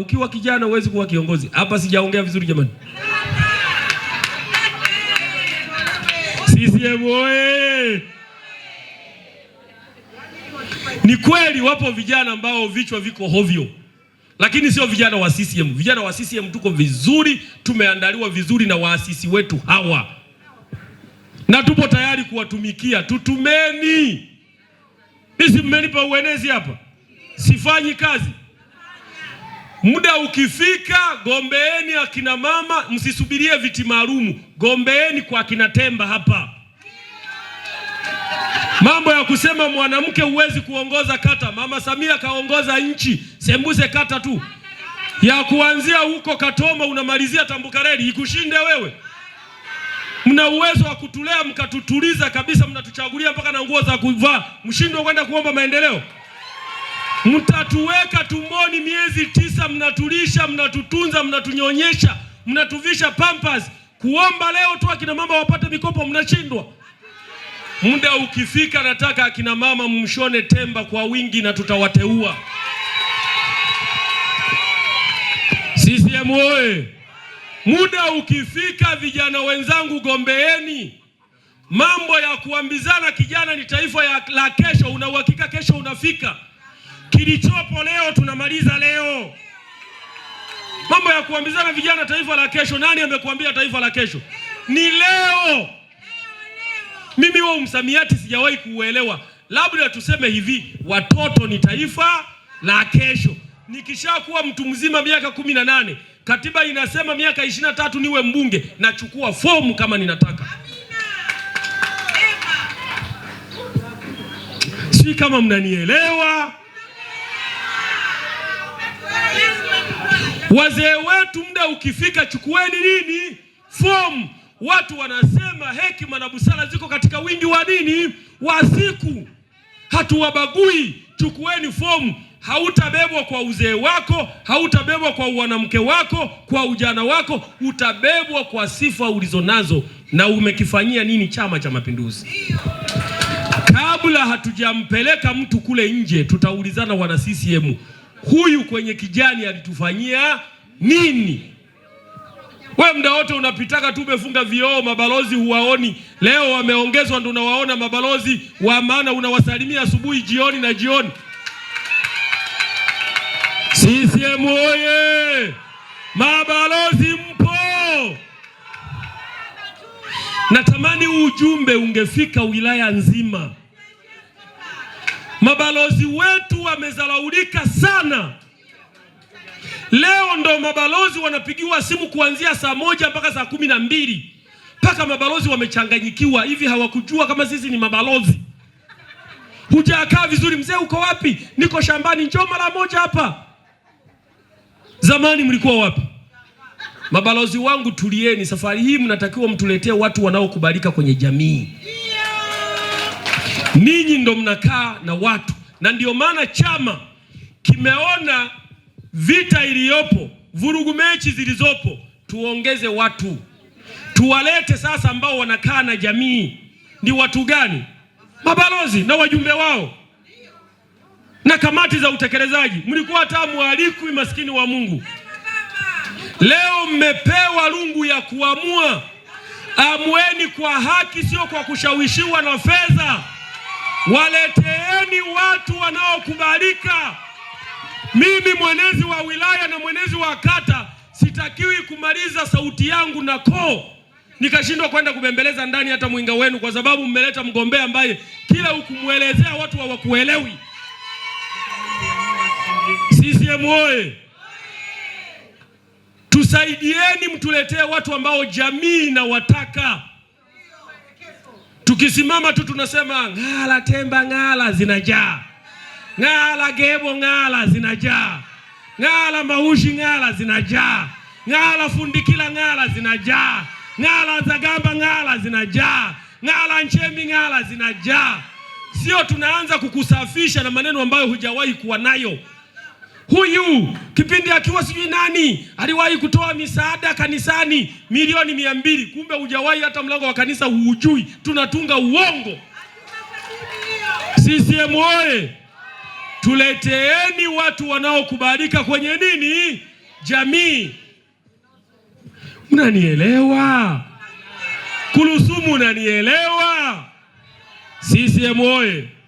ukiwa kijana huwezi kuwa kiongozi. Hapa sijaongea vizuri jamani? CCM oye! Ni kweli wapo vijana ambao vichwa viko hovyo, lakini sio vijana wa CCM. Vijana wa CCM tuko vizuri, tumeandaliwa vizuri na waasisi wetu hawa, na tupo tayari kuwatumikia. Tutumeni. sisi, mmenipa uenezi hapa, sifanyi kazi Muda ukifika, gombeeni akina mama, msisubirie viti maalumu, gombeeni kwa akina Temba hapa. Mambo ya kusema mwanamke huwezi kuongoza kata, Mama Samia kaongoza nchi, sembuse kata tu ya kuanzia huko Katoma unamalizia Tambukareli, ikushinde wewe? Mna uwezo wa kutulea mkatutuliza kabisa, mnatuchagulia mpaka na nguo za kuvaa, mshindwe kwenda kuomba maendeleo mtatuweka tumboni miezi tisa, mnatulisha, mnatutunza, mnatunyonyesha, mnatuvisha pampers. Kuomba leo tu akina mama wapate mikopo mnashindwa. Muda ukifika, nataka akina mama mshone temba kwa wingi na tutawateua. CCM oye! Muda ukifika, vijana wenzangu, gombeeni mambo ya kuambizana. Kijana ni taifa ya la kesho, una uhakika kesho unafika Kilichopo leo tunamaliza leo. Mambo ya kuambizana vijana taifa la kesho, nani amekuambia taifa la kesho ni leo? Mimi huo msamiati sijawahi kuuelewa, labda tuseme hivi, watoto ni taifa la kesho. Nikishakuwa mtu mzima miaka kumi na nane, katiba inasema miaka ishirini na tatu niwe mbunge, nachukua fomu kama ninataka. si kama mnanielewa. Wazee wetu muda ukifika, chukueni nini fomu. Watu wanasema hekima na busara ziko katika wingi wa nini wa siku, hatuwabagui. Chukueni fomu. Hautabebwa kwa uzee wako, hautabebwa kwa wanamke wako, kwa ujana wako, utabebwa kwa sifa ulizonazo na umekifanyia nini Chama cha Mapinduzi. Kabla hatujampeleka mtu kule nje, tutaulizana wana CCM huyu kwenye kijani alitufanyia nini? We mda wote unapitaka tu umefunga vioo, mabalozi huwaoni. Leo wameongezwa ndo unawaona mabalozi wa maana, unawasalimia asubuhi, jioni na jioni. CCM oye! Mabalozi mpo! Natamani huu ujumbe ungefika wilaya nzima. Mabalozi wetu wamezalaulika sana. Leo ndo mabalozi wanapigiwa simu kuanzia saa moja mpaka saa kumi na mbili mpaka mabalozi wamechanganyikiwa hivi, hawakujua kama sisi ni mabalozi. Hujakaa vizuri mzee, uko wapi? Niko shambani, njoo mara moja hapa. Zamani mlikuwa wapi? Mabalozi wangu, tulieni. Safari hii mnatakiwa mtuletee watu wanaokubalika kwenye jamii. Ninyi ndo mnakaa na watu, na ndio maana chama kimeona vita iliyopo, vurugu mechi zilizopo, tuongeze watu, tuwalete sasa ambao wanakaa na jamii. Ni watu gani? Mabalozi na wajumbe wao na kamati za utekelezaji. Mlikuwa hata mwalikwi, maskini wa Mungu. Leo mmepewa rungu ya kuamua. Amueni kwa haki, sio kwa kushawishiwa na fedha. Waleteeni watu wanaokubalika. Mimi mwenezi wa wilaya na mwenezi wa kata sitakiwi kumaliza sauti yangu na koo nikashindwa kwenda kubembeleza ndani hata mwinga wenu, kwa sababu mmeleta mgombea ambaye kila ukumwelezea watu hawakuelewi. CCM oye! Tusaidieni, mtuletee watu ambao jamii inawataka. Tukisimama tu tunasema ng'ala temba ng'ala, zinajaa ng'ala gebo ng'ala, zinajaa ng'ala maushi ng'ala, zinajaa ng'ala fundikila ng'ala, zinajaa ng'ala zagamba ng'ala, zinajaa ng'ala nchemi ng'ala, zinajaa. Sio tunaanza kukusafisha na maneno ambayo hujawahi kuwa nayo huyu kipindi akiwa sijui nani aliwahi kutoa misaada kanisani milioni mia mbili. Kumbe hujawahi hata mlango wa kanisa huujui, tunatunga uongo. CCM oye! Tuleteeni watu wanaokubalika kwenye nini, jamii. Mnanielewa? Kulusumu, unanielewa? CCM oye!